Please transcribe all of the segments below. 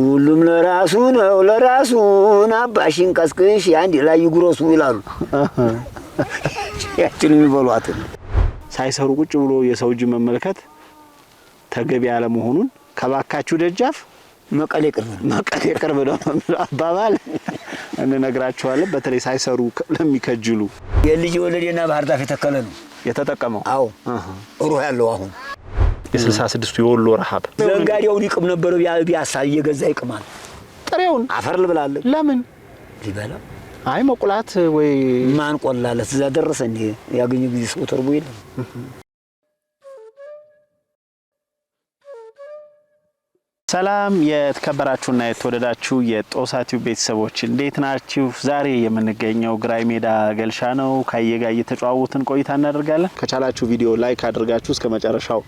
ሁሉም ለራሱ ነው ለራሱ አባሽን ቀስቅሽ አንድ ላይ ይጉረሱ ይላሉ። ያችን የሚበሏትን ሳይሰሩ ቁጭ ብሎ የሰው እጅ መመልከት ተገቢ አለመሆኑን ከባካችሁ ደጃፍ መቀሌ ቅርብ ነው፣ መቀሌ ቅርብ ነው አባባል እንነግራችኋለን። በተለይ ሳይሰሩ ለሚከጅሉ የልጅ ወለዴና ባህር ዛፍ የተከለ ነው የተጠቀመው። አዎ ሩህ ያለው አሁን የስልሳ ስድስቱ የወሎ ረሀብ ነጋዴውን ይቅም ነበረ። ቢያሳ እየገዛ ይቅማል። ጥሬውን አፈር ልብላለ ለምን ሊበላ አይ መቁላት ወይ ማን ቆላለት እዛ ደረሰ እንዲ ያገኘ ጊዜ ሰው ተርቦ የለም። ሰላም የተከበራችሁና የተወደዳችሁ የጦሳቲው ቤተሰቦች እንዴት ናችሁ? ዛሬ የምንገኘው ግራይ ሜዳ ገልሻ ነው። ካየጋ እየተጨዋወትን ቆይታ እናደርጋለን። ከቻላችሁ ቪዲዮ ላይክ አድርጋችሁ እስከ መጨረሻው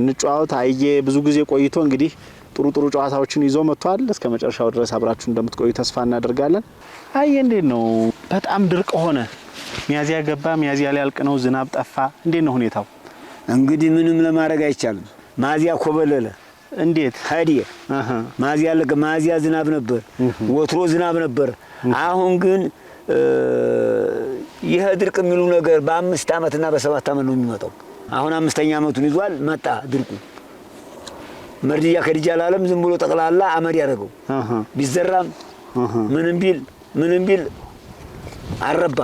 እንጫወት። አይዬ ብዙ ጊዜ ቆይቶ እንግዲህ ጥሩ ጥሩ ጨዋታዎችን ይዞ መጥቷል። እስከ መጨረሻው ድረስ አብራችሁ እንደምትቆዩ ተስፋ እናደርጋለን። አየ እንዴት ነው? በጣም ድርቅ ሆነ። ሚያዚያ ገባ፣ ሚያዚያ ሊያልቅ ነው። ዝናብ ጠፋ። እንዴት ነው ሁኔታው? እንግዲህ ምንም ለማድረግ አይቻልም። ማዚያ ኮበለለ። እንዴት ሀዲየ ማዚያ አለቀ። ማዚያ ዝናብ ነበር፣ ወትሮ ዝናብ ነበር። አሁን ግን ይህ ድርቅ የሚሉ ነገር በአምስት ዓመትና በሰባት ዓመት ነው የሚመጣው። አሁን አምስተኛ ዓመቱን ይዟል። መጣ ድርቁ መርድያ ከድጃ አላለም ዝም ብሎ ጠቅላላ አመድ ያደረገው ቢዘራም ምንም ቢል ምንም ቢል አረባ።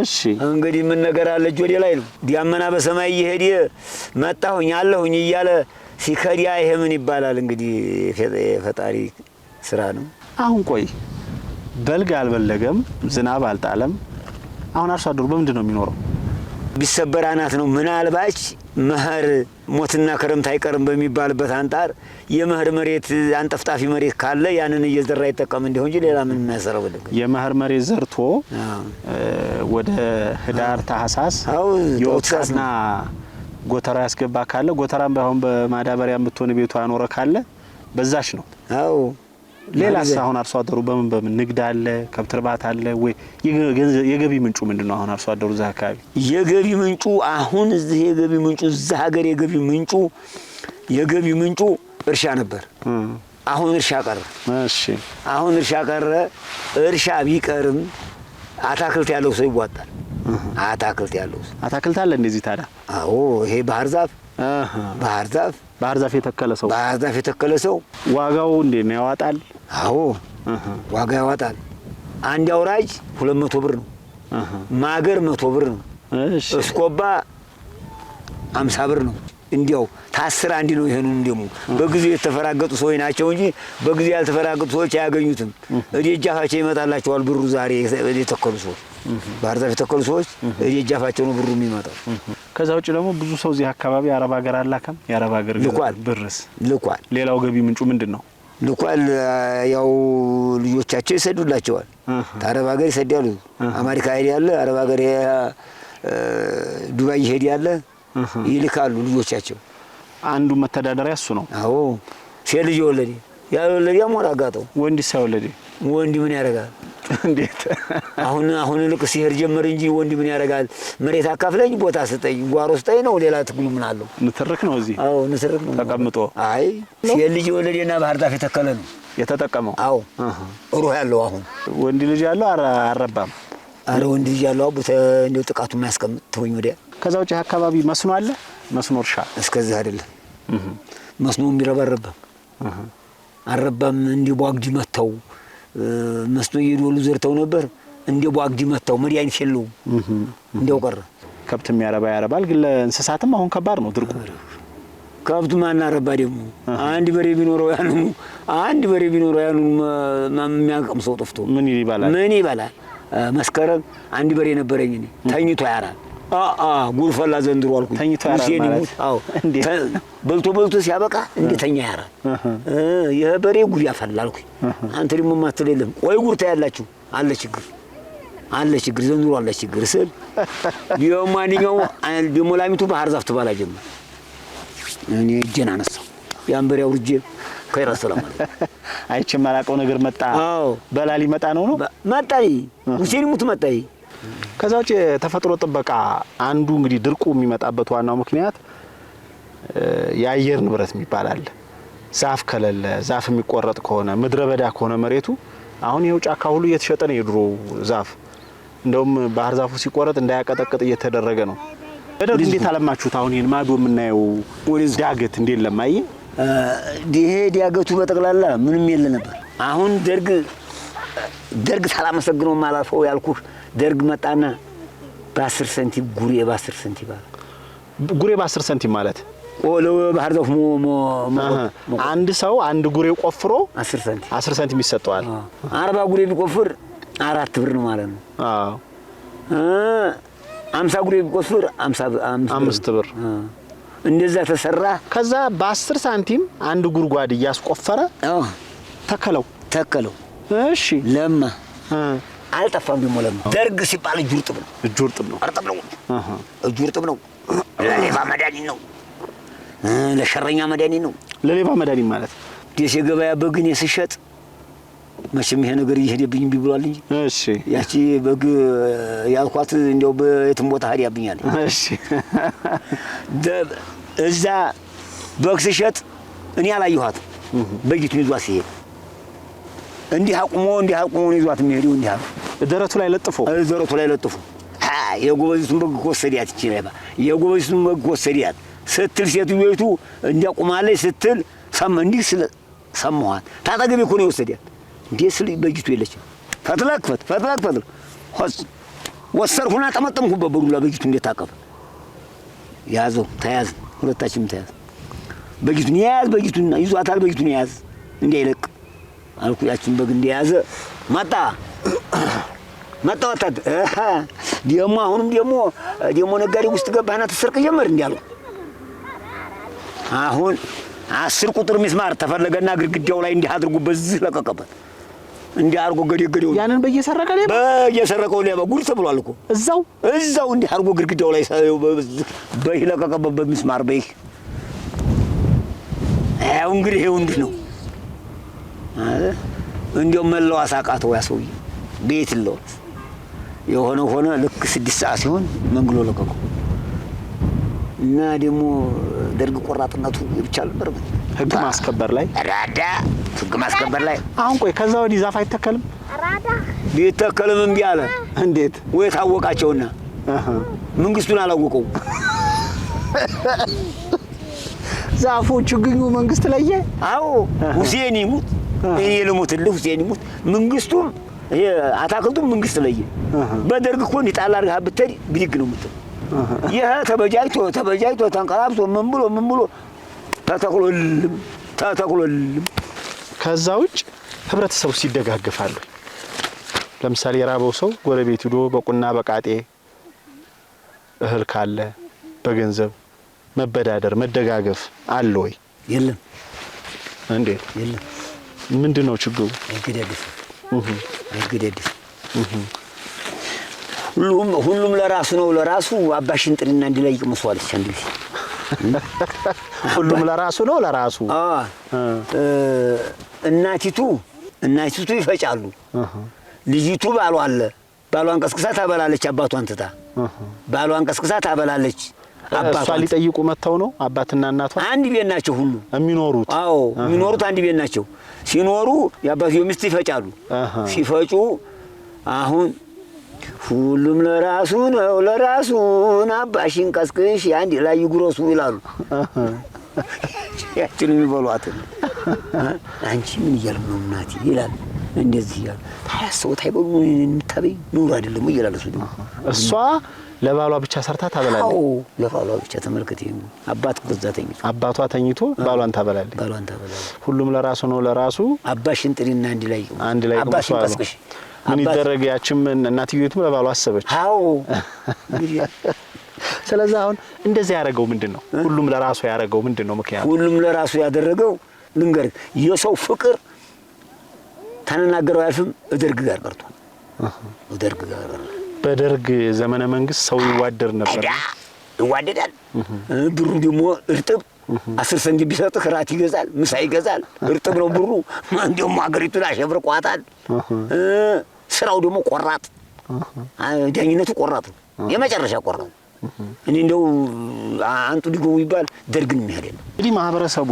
እሺ እንግዲህ ምን ነገር አለ? እጅ ላይ ነው። ዲያመና በሰማይ እየሄደ መጣሁኝ አለሁኝ እያለ ሲከዲያ ይሄ ምን ይባላል? እንግዲህ የፈጣሪ ስራ ነው። አሁን ቆይ በልግ አልበለገም፣ ዝናብ አልጣለም። አሁን አርሶ አደሩ በምንድን ነው የሚኖረው? ቢሰበር አናት ነው። ምናልባች መኸር ሞትና ክረምት አይቀርም በሚባልበት አንጣር የመኸር መሬት አንጠፍጣፊ መሬት ካለ ያንን እየዘራ ይጠቀም እንዲሆን እንጂ ሌላ ምን የሚያሰረው ልግ የመኸር መሬት ዘርቶ ወደ ህዳር ታህሳስ የወቅትና ጎተራ ያስገባ ካለ ጎተራም ባይሆን በማዳበሪያ የምትሆን ቤቷ ያኖረ ካለ በዛች ነው። አዎ ሌላ አሁን አርሶ አደሩ በምን በምን ንግድ አለ? ከብት እርባታ አለ ወይ? የገቢ ምንጩ ምንድን ነው? አሁን አርሶ አደሩ እዛ አካባቢ የገቢ ምንጩ አሁን እዚህ የገቢ ምንጩ እዛ ሀገር የገቢ ምንጩ የገቢ ምንጩ እርሻ ነበር። አሁን እርሻ ቀረ። እሺ፣ አሁን እርሻ ቀረ። እርሻ ቢቀርም አታክልት ያለው ሰው ይዋጣል። አታክልት ያለው ሰው አታክልት አለ እንደዚህ ታዲያ? አዎ፣ ይሄ ባህር ዛፍ ባህር ዛፍ ባህር ዛፍ የተከለ ሰው ባህር ዛፍ የተከለ ሰው ዋጋው እንዴት ነው? ያዋጣል? አዎ ዋጋ ያዋጣል። አንድ አውራጅ ሁለት መቶ ብር ነው። ማገር መቶ ብር ነው። እስኮባ አምሳ ብር ነው። እንዲያው ታስር አንድ ነው። ይሄንን ደግሞ በጊዜው የተፈራገጡ ሰዎች ናቸው እንጂ በጊዜው ያልተፈራገጡ ሰዎች አያገኙትም። እደጃፋቸው ይመጣላቸዋል ብሩ። ዛሬ የተከሉ ሰዎች ባህር ዛፍ የተከሉ ሰዎች እጃፋቸው ነው ብሩ የሚመጣው። ከዛ ውጭ ደግሞ ብዙ ሰው እዚህ አካባቢ አረብ ሀገር አላከም። የአረብ ሀገር ልኳል፣ ብርስ ልኳል። ሌላው ገቢ ምንጩ ምንድን ነው? ልኳል። ያው ልጆቻቸው ይሰዱላቸዋል፣ አረብ ሀገር ይሰዳሉ። አሜሪካ ሄድ ያለ አረብ ሀገር ዱባይ ሄድ ያለ ይልካሉ ልጆቻቸው። አንዱ መተዳደሪያ እሱ ነው። አዎ ሴት ልጅ ወለዴ ያልወለዴ ያሞራ አጋጠው ወንድ ሳይወለዴ ወንድ ምን ያደርጋል? እንዴት አሁን አሁን ልክ ሲሄድ ጀመር እንጂ ወንድ ምን ያደርጋል? መሬት አካፍለኝ፣ ቦታ ስጠኝ፣ ጓሮ ስጠኝ ነው። ሌላ ትግሉ ምን አለው? ንትርክ ነው እዚህ። አዎ ንትርክ ነው ተቀምጦ። አይ የልጅ ወለዴና ባህር ዛፍ የተከለ ነው የተጠቀመው። አዎ ሩህ ያለው አሁን ወንድ ልጅ ያለው አረባም። አረ ወንድ ልጅ ያለው አቡ እንደው ጥቃቱ የማያስቀምጥ ትሆኝ ወዲያ። ከዛ ውጭ አካባቢ መስኖ አለ። መስኖ እርሻ እስከዚህ አይደለም። መስኖ የሚረባረበ አረባም እንዲህ ቧግድ መተው መስኖ እየዶሉ ዘርተው ነበር። እንደ ቧግዲ መታው። መድኃኒት የለውም እንዲያው ቀረ። ከብት የሚያረባ ያረባል፣ ግን ለእንስሳትም አሁን ከባድ ነው ድርቁ። ከብት ማናረባ ደግሞ አንድ በሬ ቢኖረው ያኑ አንድ በሬ ቢኖረው ያንኑ የሚያቀም ሰው ጠፍቶ ምን ይባላል? ምን ይባላል? መስከረም አንድ በሬ ነበረኝ እኔ ተኝቶ ያራል ጉርፈላ ዘንድሮ አልኩኝ። በልቶ በልቶ ሲያበቃ እንዴ ተኛ ያራል። ይህ በሬ ጉድ ያፈላ አልኩ። አንተ ደግሞ ማትል የለም። ወይ ጉር ታያላችሁ። አለ ችግር አለ ችግር ዘንድሮ አለ ችግር ስል ቢሆን ማንኛው ደግሞ ላሚቱ ባህር ዛፍ ትባላ ጀመር። እኔ እጄን አነሳው ያን በሬ አውርጄ ከይራ ሰላም አለ አይቼ የማላውቀው ነገር መጣ። በላሊ መጣ ነው ነው መጣ ሙሴን ሙት መጣ ከዛ ውጭ የተፈጥሮ ጥበቃ አንዱ እንግዲህ ድርቁ የሚመጣበት ዋናው ምክንያት የአየር ንብረት የሚባል አለ። ዛፍ ከሌለ ዛፍ የሚቆረጥ ከሆነ ምድረ በዳ ከሆነ መሬቱ አሁን ይኸው ጫካ ሁሉ እየተሸጠ ነው። የድሮ ዛፍ እንደውም ባህር ዛፉ ሲቆረጥ እንዳያቀጠቅጥ እየተደረገ ነው። በደርግ እንዴት አለማችሁት? አሁን ይህን ማዶ የምናየው ዳገት እንዴት ለማየ? ይሄ ዲያገቱ በጠቅላላ ምንም የለ ነበር። አሁን ደርግ ደርግ ሳላመሰግነው ማላልፈው ያልኩህ ደርግ መጣና በአስር ሰንቲም ጉሬ በአስር ሰንቲም ባለ ጉሬ በአስር ሰንቲም ማለት ባህር ዛፍ አንድ ሰው አንድ ጉሬ ቆፍሮ አስር ሰንቲም አስር ሰንቲም ይሰጠዋል። አርባ ጉሬ ቢቆፍር አራት ብር ነው ማለት ነው። አምሳ ጉሬ ቢቆፍር አምስት ብር እንደዛ ተሰራ። ከዛ በአስር ሳንቲም አንድ ጉድጓድ እያስቆፈረ ተከለው ተከለው እሺ ለማ አልጠፋም። ደግሞ ለማ ደርግ ሲባል እጁ እርጥብ ነው፣ እጁ እርጥብ ነው፣ እርጥብ ነው፣ እጁ እርጥብ ነው። ለሌባ መድኃኒት ነው፣ ለሸረኛ መድኃኒት ነው። ለሌባ መድኃኒት ማለት ደሴ ገበያ በግ እኔ ስሸጥ መቼም ይሄ ነገር እየሄደብኝ ቢብሏል እንጂ እሺ፣ ያቺ በግ ያልኳት እንዲያው በየትም ቦታ ሄዳብኛል። እሺ፣ እዛ በግ ስሸጥ እኔ አላየኋት፣ በጊቱን ይዟት ሲሄድ እንዲህ አቁሞ እንዲህ አቁሞ ነው ይዟት የሚሄደው። እንዲህ አቁሞ ደረቱ ላይ ለጥፎ ደረቱ ላይ ለጥፎ የጎበዚቱን በግ ወሰዲያት ይችላል። ላይ የጎበዚቱን በግ ወሰዲያት ስትል ሴትዮቱ እንዲያቁማለች ስትል ሰማ እንዲህ ስለ ሰማኋት ታጠገቤ እኮ ነው የወሰዲያት እንዴ ስል በጅቱ የለችም። ፈትላ ክፈት ፈትላ ክፈት ሆስ ወሰርኩና ጠመጠምኩበት በዱላ በጅቱ እንዴት ታቀፈ ያዘው ተያዝ ሁለታችንም ተያዝ በጅቱን የያዝ በጅቱን ይዟታል በጅቱን የያዝ እንዲህ አይለቅ አልኩ። ያችን በግ እንደያዘ መጣ መጣ ወጣት ደሞ አሁንም ደሞ ደሞ ነጋዴ ውስጥ ገባህና ትሰርቅ ጀመር እንዲያሉ አሁን አስር ቁጥር ሚስማር ተፈለገና ግድግዳው ላይ እንዲህ አድርጉ በዚህ ለቀቀበት። እንዲህ አድርጎ ገዴ ገዴው ያንን በየሰረቀ ላይ በየሰረቀው ላይ ጉድ ተብሏል እኮ እዛው እዛው እንዲህ አድርጎ ግድግዳው ላይ በይህ ለቀቀበት በሚስማር በይህ ያው እንግዲህ ይሄው እንዲህ ነው። እንዲሁም መለዋስ አቃተው። ያ ሰውዬ ቤት ለዋስ የሆነ ሆነ። ልክ ስድስት ሰዓት ሲሆን መንግሎ ለቀቁ እና ደግሞ ደርግ ቆራጥነቱ ብቻ ነበር ህግ ማስከበር ላይ ራዳ ህግ ማስከበር ላይ። አሁን ቆይ ከዛ ወዲህ ዛፍ አይተከልም ቢተከልም እምቢ አለ። እንዴት ወይ ታወቃቸውና መንግስቱን አላወቀው ዛፎቹ ግኙ መንግስት ለየ። አዎ ሁሴን ይሙት እኔ ልሙት እልህ ሁሴን ይሙት መንግስቱም አታክልቱም መንግስት ለየ በደርግ እኮ ጣል አድርገህ ብትሄድ ብድግ ነው የምትለው። ይህ ተበጃጅቶ ተበጃጅቶ ተንቀላብሶ ምን ብሎ ምን ብሎ ተተክሎልም ተተክሎልም። ከዛ ውጭ ህብረተሰቡ ሲደጋግፋሉ። ለምሳሌ የራበው ሰው ጎረቤት ሂዶ በቁና በቃጤ እህል ካለ በገንዘብ መበዳደር መደጋገፍ አለ ወይ? የለም። እንዴት የለም? ምንድን ነው ችግሩ? ሁሉም ሁሉም ለራሱ ነው። ለራሱ አባሽን ጥልና እንዲለይቅ መስዋዕት እንዲ ሁሉም ለራሱ ነው። ለራሱ እናቲቱ እናቲቱ ይፈጫሉ። ልጅቱ ባሏ አለ። ባሏን ቀስቅሳ ታበላለች። አባቷን ትታ ባሏን ቀስቅሳ ታበላለች። እሷ ሊጠይቁ መጥተው ነው አባትና እናቷ አንድ ቤት ናቸው። ሁሉ የሚኖሩት አዎ የሚኖሩት አንድ ቤት ናቸው። ሲኖሩ የአባትየው ሚስት ይፈጫሉ። ሲፈጩ አሁን ሁሉም ለራሱ ነው ለራሱ አባሽን ቀስቅሽ አንድ ላይ ይጉረሱ ይላሉ። ያችን የሚበሏት አንቺ ምን እያልም ነው እናት ይላል እንደዚህ እያሉ ታያሰውት አይበሉ የምታበይ ኑሮ አይደለም እያላለሱ እሷ ለባሏ ብቻ ሰርታ ታበላለች። ለባሏ ብቻ ተመልከት። አባት እዛ ተኝቶ አባቷ ተኝቶ ባሏን ታበላለች። ባሏን ታበላለች። ሁሉም ለራሱ ነው ለራሱ። አባሽን ጥሪና አንድ ላይ አንድ ላይ አባሽን ቀስቅሽ። ምን ይደረግ? ያችም እናትየቱም ለባሏ አሰበች። አዎ ስለዚህ አሁን እንደዚህ ያደረገው ምንድን ነው? ሁሉም ለራሱ ያደረገው ምንድን ነው? ምክንያቱ ሁሉም ለራሱ ያደረገው ልንገር፣ የሰው ፍቅር ተነናገረው አያልፍም። እደርግ ጋር ቀርቷል። እደርግ ጋር በደርግ ዘመነ መንግስት ሰው ይዋደር ነበር። ይዋደዳል። ብሩ ደግሞ እርጥብ አስር ሰንቲም ቢሰጥህ ራት ይገዛል፣ ምሳ ይገዛል። እርጥብ ነው ብሩ። እንዲሁም ሀገሪቱን አሸብርቋታል። ስራው ደግሞ ቆራጥ፣ ዳኝነቱ ቆራጥ ነው፣ የመጨረሻ ቆራጥ ነው። እኔ እንደው አንጡ ሊጎቡ ይባል ደርግን የሚያህል የለም። እንግዲህ ማህበረሰቡ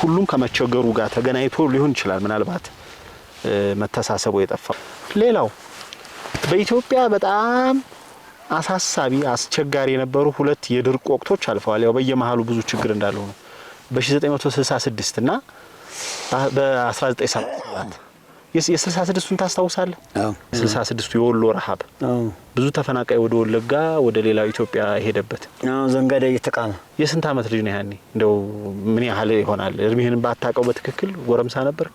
ሁሉም ከመቸገሩ ጋር ተገናኝቶ ሊሆን ይችላል ምናልባት መተሳሰቡ የጠፋው ሌላው በኢትዮጵያ በጣም አሳሳቢ አስቸጋሪ የነበሩ ሁለት የድርቅ ወቅቶች አልፈዋል። ያው በየመሀሉ ብዙ ችግር እንዳለው ነው። በ1966 እና በ1977 የ66ቱን ታስታውሳለህ? 66ቱ የወሎ ረሀብ ብዙ ተፈናቃይ ወደ ወለጋ ወደ ሌላው ኢትዮጵያ ሄደበት ዘንጋዳ እየተቃመ የስንት አመት ልጅ ነው ያኔ? እንደው ምን ያህል ይሆናል እድሜህን ባታውቀው በትክክል ጎረምሳ ነበር።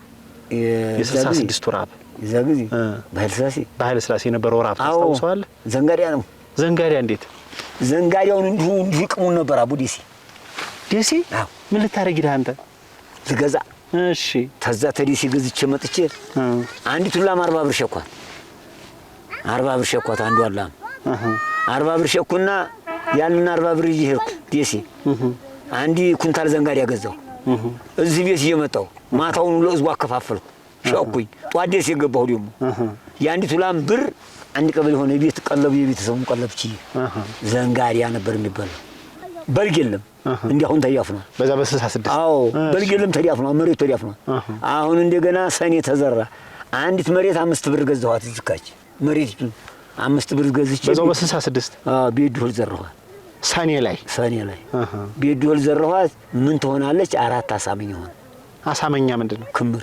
የ66ቱ ረሀብ እዛ ጊዜ ባህል ስላሴ ባህል ስላሴ የነበረው ረሀብ ታስታውሰዋለህ? ዘንጋዲያ ነው። ዘንጋዲያ እንዴት ዘንጋዲያውን እንዲሁ እንዲሁ ይቅሙን ነበር። አቡ ዴሴ ዴሴ ምን ልታረጊ ሄደህ አንተ? ልገዛ። እሺ። ተዛ ተዴሴ ገዝቼ መጥቼ አንዲቱን ላም አርባ ብር ሸኳት፣ አርባ ብር ሸኳት። አንዷን ላም አርባ ብር ሸኩና ያንን አርባ ብር ይዤ ሄድኩ ዴሴ። አንዲ ኩንታል ዘንጋዲያ ገዛሁ። እዚህ ቤት እየመጣሁ ማታውን ለህዝቡ አከፋፈልኩ። ሸኩኝ ጧደስ የገባሁ ደግሞ የአንዲቱ ላም ብር አንድ ቀበል የሆነ ቤት ቀለቡ የቤተሰቡን ቀለብች ዘንጋሪያ ነበር የሚባለው። በልግ የለም እንዲህ አሁን ተዳፍ ነው። በዛ በስልሳ ስድስት አዎ በልግ የለም ተዳፍ ነው። መሬቱ ተዳፍ ነው። አሁን እንደገና ሰኔ ተዘራ። አንዲት መሬት አምስት ብር ገዛኋት። ዝካች መሬት አምስት ብር ገዝቼ በዛው በስልሳ ስድስት ቤት ድሆል ዘራኋት። ሰኔ ላይ ሰኔ ላይ ቤት ድሆል ዘራኋት። ምን ትሆናለች? አራት አሳመኛ ሆነ። አሳመኛ ምንድን ነው? ክምር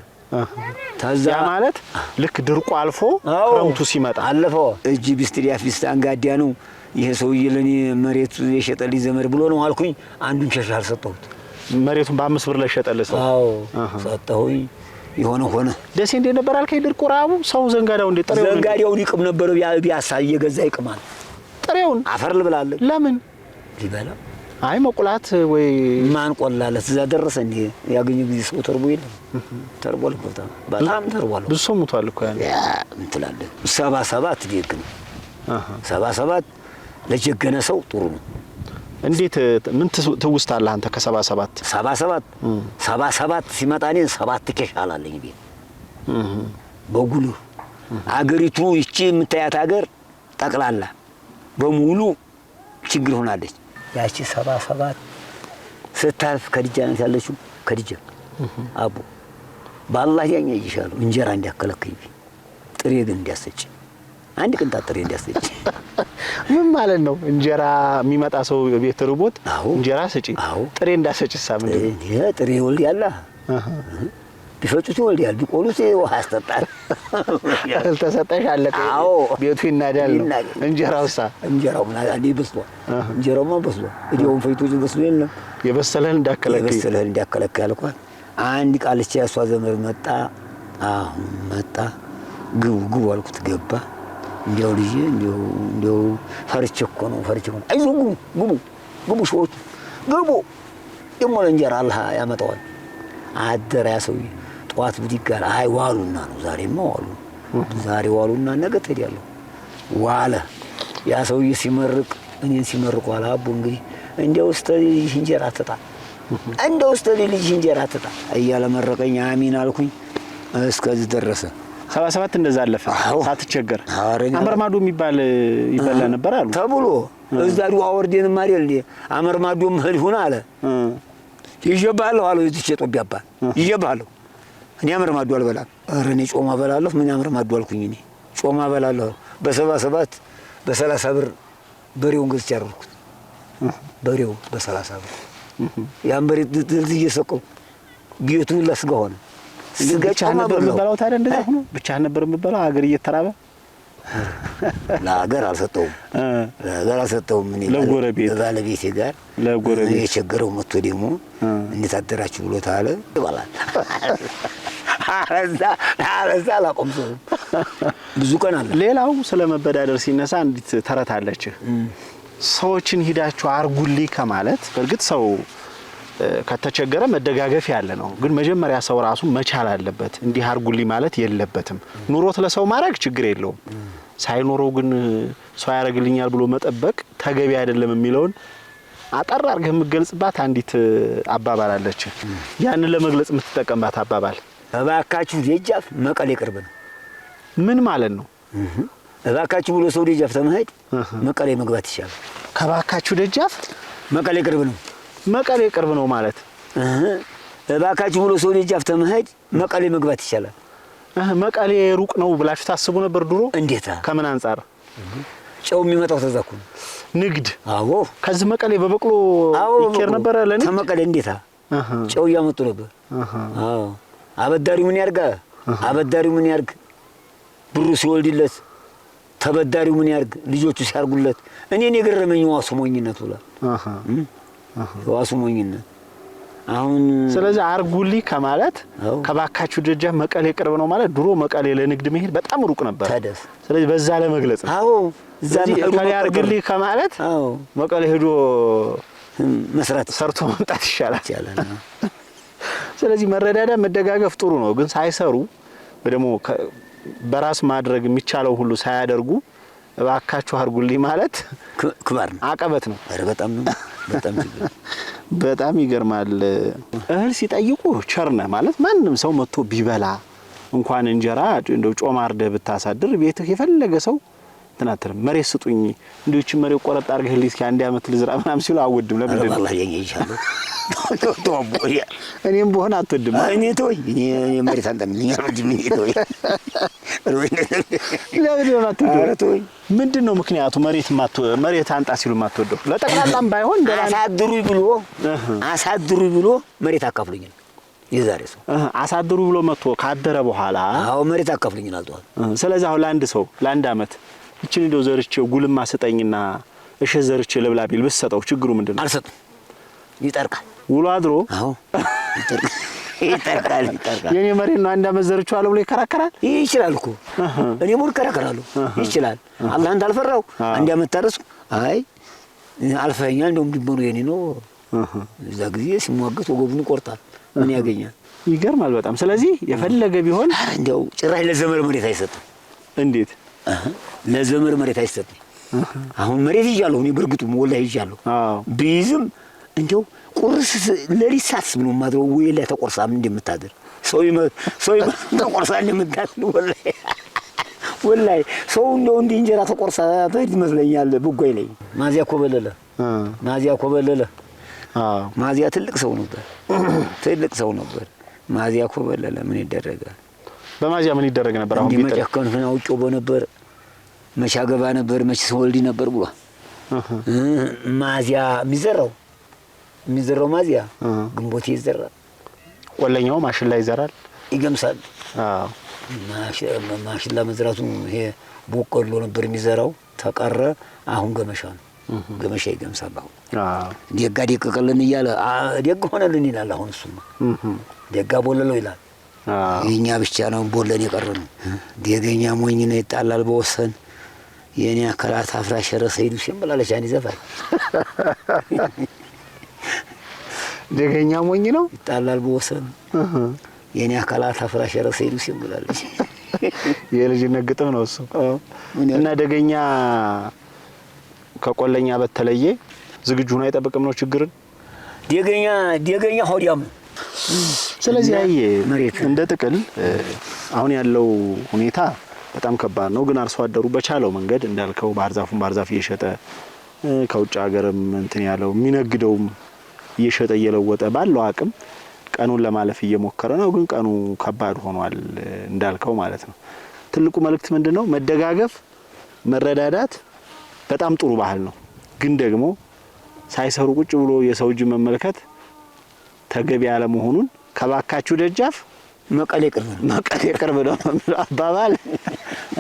ያ ማለት ልክ ድርቁ አልፎ ክረምቱ ሲመጣ አለፈው እጅ ቢስትሪያ አፍስት አንጋዲያ ነው ይሄ ሰውዬ ለኔ መሬት የሸጠልኝ ዘመድ ብሎ ነው አልኩኝ። አንዱን ሸሻ አልሰጠሁት። መሬቱን በአምስት ብር ላይ ሸጠልህ ሰው? ሰጠሁኝ። የሆነ ሆነ። ደሴ እንዴት ነበር አልከኝ? ድርቁ ረሃቡ፣ ሰው ዘንጋዳው እንዴት ጥሬው ዘንጋዳውን ይቅም ነበር ቢያሳ እየገዛ ይቅማል። ጥሬውን አፈር ልብላለህ። ለምን ሊበላ አይ መቁላት ወይ ማን ቆላለት እዛ ደረሰ እንዴ? ያገኘ ጊዜ ሰው ተርቦ የለም ተርቦ ቦታ በጣም ተርቧል። ብዙ ሰው ሙቷል እኮ ያ እንትላለ ሰባ ሰባት ደግ ነው። ሰባ ሰባት ለጀገነ ሰው ጥሩ ነው። እንዴት ምን ትውስታለህ አንተ ከሰባ ሰባት ሰባ ሰባት ሰባ ሰባት ሲመጣ እኔን ሰባት ኬሽ አላለኝ ቤት አገሪቱ ይቺ የምታያት ሀገር ጠቅላላ በሙሉ ችግር ሆናለች። ያቺ ሰባ ሰባት ስታልፍ ከድጃ ናት ያለችው። ከድጃ አቦ በአላህ ያኛይሻለሁ እንጀራ እንዲያከለክይ ጥሬ ግን እንዲያሰጭ አንድ ቅንጣት ጥሬ እንዲያሰጭ። ምን ማለት ነው? እንጀራ የሚመጣ ሰው ቤት ርቦት እንጀራ ስጪ፣ ጥሬ እንዳሰጭ ሳ ምንድን ጥሬ ወልድ ያላ ቢፈጩት ይወልዳል፣ ቢቆሉት ውሃ ያስጠጣል። አልተሰጠሽ አለቀ። ቤቱ ይናዳል ነው። እንጀራውሳ እንጀራው ምን አለ? በስሏል። እንጀራውማ በስሏል። እዲያውም ፈይቶ በስሎ የለም። የበሰለህን እንዳከለከ የበሰለህን እንዳከለከ ያልኳል። አንድ ቃልቻ ያሷ ዘመድ መጣ። አሁን መጣ። ግቡ ግቡ አልኩት። ገባ። እንዲያው ልጄ እንዲያው እንዲያው ፈርቼ እኮ ነው ፈርቼ ነው። አይዞ ግቡ ግቡ ግቡ ሾቹ ግቡ። ደግሞ ለእንጀራ አላህ ያመጣዋል። አደረ ያ ጠዋት ብድግ አለ። አይ ዋሉና ነው ዛሬማ ዋሉ፣ ዛሬ ዋሉና ነገ ትሄዳለሁ ዋለ። ያ ሰውዬ ሲመርቅ እኔን ሲመርቁ ዋለ። አቦ እንግዲህ እንደው ውስጥ ልጅ እንጀራ ትጣ፣ እንደው ውስጥ ልጅ እንጀራ ትጣ እያለ መረቀኝ። አሚን አልኩኝ። እስከዚህ ደረሰ። ሰባ ሰባት እንደዛ አለፈ ሳትቸገር። አመርማዶ የሚባል ይበላ ነበር አሉ ተብሎ እዛ ዱዋ ወርዴን ማሪ እንዴ አመርማዶም እህል ይሁን አለ ይዤብሃለሁ አለው ይዤ ጦቢያባል ይዤብሃለሁ እኔ አምር ማዶ አልበላም። ኧረ እኔ ጮማ በላለሁ። ምን አምር ማዶ አልኩኝ? እኔ ጮማ በላለሁ። በሰባ ሰባት በሰላሳ ብር በሬውን ገዝቼ ያረድኩት በሬው በሰላሳ ብር ያን በሬ ድልዝ እየሰቀው ጌቱ ላስጋ ሆነ። ስጋ ጮማ በላው። ብቻህን ነበር የምበላው? አገር እየተራበ ለሀገር አልሰጠውም፣ ለሀገር አልሰጠውም። ለጎረቤት ባለቤቴ ጋር ለጎረቤት የቸገረው መጥቶ ደግሞ እንዴት አደራችሁ ብሎ ታለ ይባላል። አረዛ አረዛ አላቆም ሰው ብዙ ቀን አለ። ሌላው ስለ መበዳደር ሲነሳ እንዲት ተረት አለችህ። ሰዎችን ሂዳችሁ አርጉልኝ ከማለት በእርግጥ ሰው ከተቸገረ መደጋገፍ ያለ ነው። ግን መጀመሪያ ሰው ራሱ መቻል አለበት። እንዲህ አርጉልኝ ማለት የለበትም። ኑሮት ለሰው ማድረግ ችግር የለውም። ሳይኖረው ግን ሰው ያደርግልኛል ብሎ መጠበቅ ተገቢ አይደለም የሚለውን አጠር አድርገህ የምትገልጽባት አንዲት አባባል አለች። ያንን ለመግለጽ የምትጠቀምባት አባባል እባካችሁ ደጃፍ መቀሌ ቅርብ ነው። ምን ማለት ነው? እባካችሁ ብሎ ሰው ደጃፍ ተመሄድ መቀሌ መግባት ይቻላል ከባካችሁ ደጃፍ መቀሌ ቅርብ ነው። መቀሌ ቅርብ ነው ማለት እባካችሁ ብሎ ሰው ደጃፍ ተመሄድ መቀሌ መግባት ይቻላል። መቀሌ ሩቅ ነው ብላችሁ ታስቡ ነበር ድሮ? እንዴት ከምን አንጻር? ጨው የሚመጣው ተዘኩ ንግድ። አዎ ከዚህ መቀሌ በበቅሎ ይኬር ነበረ ለንግድ። ከመቀሌ እንዴታ ጨው እያመጡ ነበር። አዎ አበዳሪው ምን ያርጋ? አበዳሪው ምን ያርግ? ብሩ ሲወልድለት ተበዳሪው ምን ያርግ? ልጆቹ ሲያርጉለት። እኔን የገረመኝ ዋሶሞኝነት ብሏል። ሞኝነት አሁን ስለዚህ አርጉልኝ ከማለት ከባካችሁ ደጃ መቀሌ ቅርብ ነው ማለት ድሮ መቀሌ ለንግድ መሄድ በጣም ሩቅ ነበር። ስለዚህ በዛ ለመግለጽ አዎ እዛ መቀሌ አርጉልኝ ከማለት መቀሌ ሄዶ መስራት ሰርቶ መምጣት ይሻላል። ስለዚህ መረዳዳ መደጋገፍ ጥሩ ነው፣ ግን ሳይሰሩ ደግሞ በራስ ማድረግ የሚቻለው ሁሉ ሳያደርጉ እባካችሁ አርጉልኝ ማለት ክባር ነው፣ አቀበት ነው። በጣም ነው በጣም ይገርማል። እህል ሲጠይቁ ቸርነ ማለት ማንም ሰው መጥቶ ቢበላ እንኳን እንጀራ እንደው ጮማ አርደህ ብታሳድር ቤትህ የፈለገ ሰው ትናትር መሬት ስጡኝ እንዲችን መሬት ቆረጥ አድርገህ ልስኪ አንድ አመት ልዝራ ምናም ሲሉ አወድም ለምንድን ነው እኔም በሆነ አትወድም። እኔ ተወኝ፣ መሬት አንጠምልኝ አልወድም። ለምን ተወኝ? ምንድን ነው ምክንያቱ? መሬት አንጣ ሲሉ የማትወደው ለጠቅላላም ባይሆን አሳድሩኝ ብሎ አሳድሩኝ ብሎ መሬት አካፍሉኝ ነው የዛሬ ሰው አሳድሩ ብሎ መጥቶ ካደረ በኋላ አዎ መሬት አካፍሉኝ አልተዋል። ስለዚህ አሁን ለአንድ ሰው ለአንድ አመት እችን እንደው ዘርቼው ጉልማ ስጠኝና እሸት ዘርቼ ልብላ ቢል ብትሰጠው ችግሩ ምንድን ነው? አልሰጥም ይጠርቃል። ውሎ አድሮ አዎ ይጠርቃል ይጠርቃል። የኔ መሬት ነው አንድ አመት ዘርቼዋለሁ ብሎ ይከራከራል። ይህ ይችላል እኮ እኔ ሙሉ እከራከራለሁ። ይችላል አላህ እንዳልፈራው አንድ አመት ታረሱ። አይ አልፈኛል፣ እንደውም ድንበሩ የኔ ነው። እዛ ጊዜ ሲሟገት ወገቡን ይቆርጣል። ምን ያገኛል? ይገርማል በጣም። ስለዚህ የፈለገ ቢሆን እንዲያው ጭራሽ ለዘመር መሬት አይሰጥም። እንዴት ለዘመር መሬት አይሰጥም? አሁን መሬት ይዣለሁ እኔ በእርግጡም ወላሂ ይዣለሁ ቢይዝም እንዲው ቁርስ ሌሊት ሳትስ ብሎ ማድረው ወይ ላይ ተቆርሳ ምን እንደምታድር ሰው ሰው ተቆርሳ እንደምታደር ወላሂ ወላሂ ሰው እንደው እንደ እንጀራ ተቆርሳ ትሄድ ይመስለኛል። ብጓይ ላይ ማዚያ ኮበለለ ማዚያ ኮበለለ ማዚያ ትልቅ ሰው ነበር፣ ትልቅ ሰው ነበር። ማዚያ ኮበለለ ምን ይደረጋል? በማዚያ ምን ይደረግ ነበር? አሁን ቢጠ መጨከን አውጮ በነበር መቻገባ ነበር መች ሰው ወልዲ ነበር ብሏል። ማዚያ የሚዘራው የሚዘራው ማዚያ ግንቦቴ ይዘራል። ቆለኛው ማሽላ ይዘራል፣ ይገምሳል። ማሽላ መዝራቱ ይሄ ቦቆሎ ነበር የሚዘራው ተቀረ። አሁን ገመሻ ነው፣ ገመሻ ይገምሳል። አሁን ደጋ ደቀቀልን እያለ ደጋ ሆነልን ይላል። አሁን እሱማ ደጋ ቦለለው ይላል። የእኛ ብቻ ነው ቦለን የቀረ ነው። ደገኛ ሞኝ ነው ይጣላል በወሰን የእኔ አካላት አፍራሽ ረሰ ሂዱ ሲምላለች አንድ ይዘፋል ደገኛ ሞኝ ነው፣ ይጣላል በወሰኑ የእኔ አካላት አፍራሽ የረሰ ይሉስ ይብላለች። የልጅነት ግጥም ነው እሱ እና ደገኛ ከቆለኛ በተለየ ዝግጁ ሆኖ አይጠብቅም ነው ችግርን። ደገኛ ደገኛ ሆዲያም ስለዚህ አየ መሬት እንደ ጥቅል አሁን ያለው ሁኔታ በጣም ከባድ ነው። ግን አርሶ አደሩ በቻለው መንገድ እንዳልከው ባህር ዛፉን ባህር ዛፍ እየሸጠ ከውጭ ሀገርም እንትን ያለው የሚነግደውም እየሸጠ እየለወጠ ባለው አቅም ቀኑን ለማለፍ እየሞከረ ነው። ግን ቀኑ ከባድ ሆኗል እንዳልከው ማለት ነው። ትልቁ መልእክት ምንድን ነው? መደጋገፍ፣ መረዳዳት በጣም ጥሩ ባህል ነው። ግን ደግሞ ሳይሰሩ ቁጭ ብሎ የሰው እጅ መመልከት ተገቢ ያለመሆኑን ከባካችሁ ደጃፍ መቀሌ ቅርብ ነው። መቀሌ ቅርብ ነው አባባል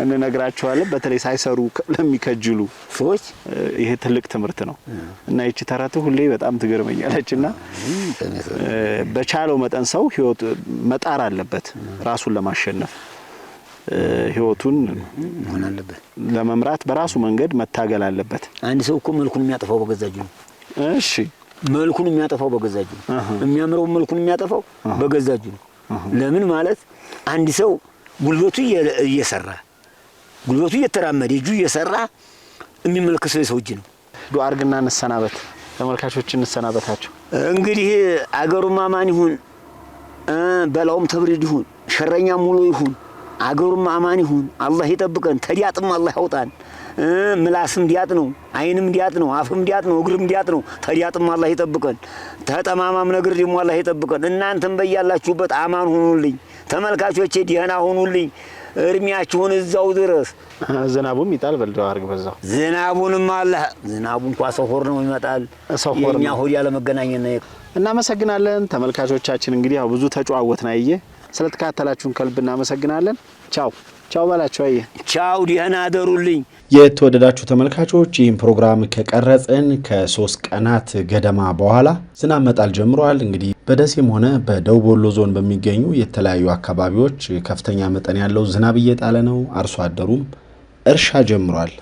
እንነግራቸዋለን። በተለይ ሳይሰሩ ለሚከጅሉ ሰዎች ይሄ ትልቅ ትምህርት ነው እና ይቺ ተረት ሁሌ በጣም ትገርመኛለች። እና በቻለው መጠን ሰው ህይወት መጣር አለበት ራሱን ለማሸነፍ ህይወቱን መሆን አለበት ለመምራት በራሱ መንገድ መታገል አለበት። አንድ ሰው እኮ መልኩን የሚያጠፋው በገዛ እጁ ነው። እሺ መልኩን የሚያጠፋው በገዛ እጁ ነው። የሚያምረው መልኩን የሚያጠፋው በገዛ እጁ ነው። ለምን ማለት አንድ ሰው ጉልበቱ እየሰራ ጉልበቱ እየተራመደ እጁ እየሰራ የሚመለከት ሰው የሰው እጅ ነው። ዱ አርግና እንሰናበት፣ ተመልካቾች እንሰናበታቸው። እንግዲህ አገሩም አማን ይሁን፣ በላውም ተብሪድ ይሁን፣ ሸረኛ ሙሉ ይሁን፣ አገሩም አማን ይሁን፣ አላህ ይጠብቀን፣ ተዲያጥም አላህ ያውጣን። ምላስም ዲያጥ ነው፣ አይንም ዲያጥ ነው፣ አፍም ዲያጥ ነው፣ እግርም ዲያጥ ነው። ተዲያጥም አላህ ይጠብቀን፣ ተጠማማም ነገር ደግሞ አላህ ይጠብቀን። እናንተም በያላችሁበት አማን ሁኑልኝ፣ ተመልካቾቼ ደህና ሁኑልኝ። እድሜያችሁን እዛው ድረስ ዝናቡም ይጣል በልደው አርግ በዛው ዝናቡንም አለ ዝናቡ እንኳ ሰሆር ነው ይመጣል። ሰሆር ነው ሁዲ ነው። እናመሰግናለን ተመልካቾቻችን። እንግዲህ ያው ብዙ ተጨዋወትን አየ ስለተካተላችሁን ከልብ እናመሰግናለን። ቻው ቻው በላቸው። አየ ቻው፣ ደህና አደሩልኝ። የተወደዳችሁ ተመልካቾች ይህን ፕሮግራም ከቀረጽን ከሶስት ቀናት ገደማ በኋላ ዝናብ መጣል ጀምሯል። እንግዲህ በደሴም ሆነ በደቡብ ወሎ ዞን በሚገኙ የተለያዩ አካባቢዎች ከፍተኛ መጠን ያለው ዝናብ እየጣለ ነው። አርሶ አደሩም እርሻ ጀምሯል።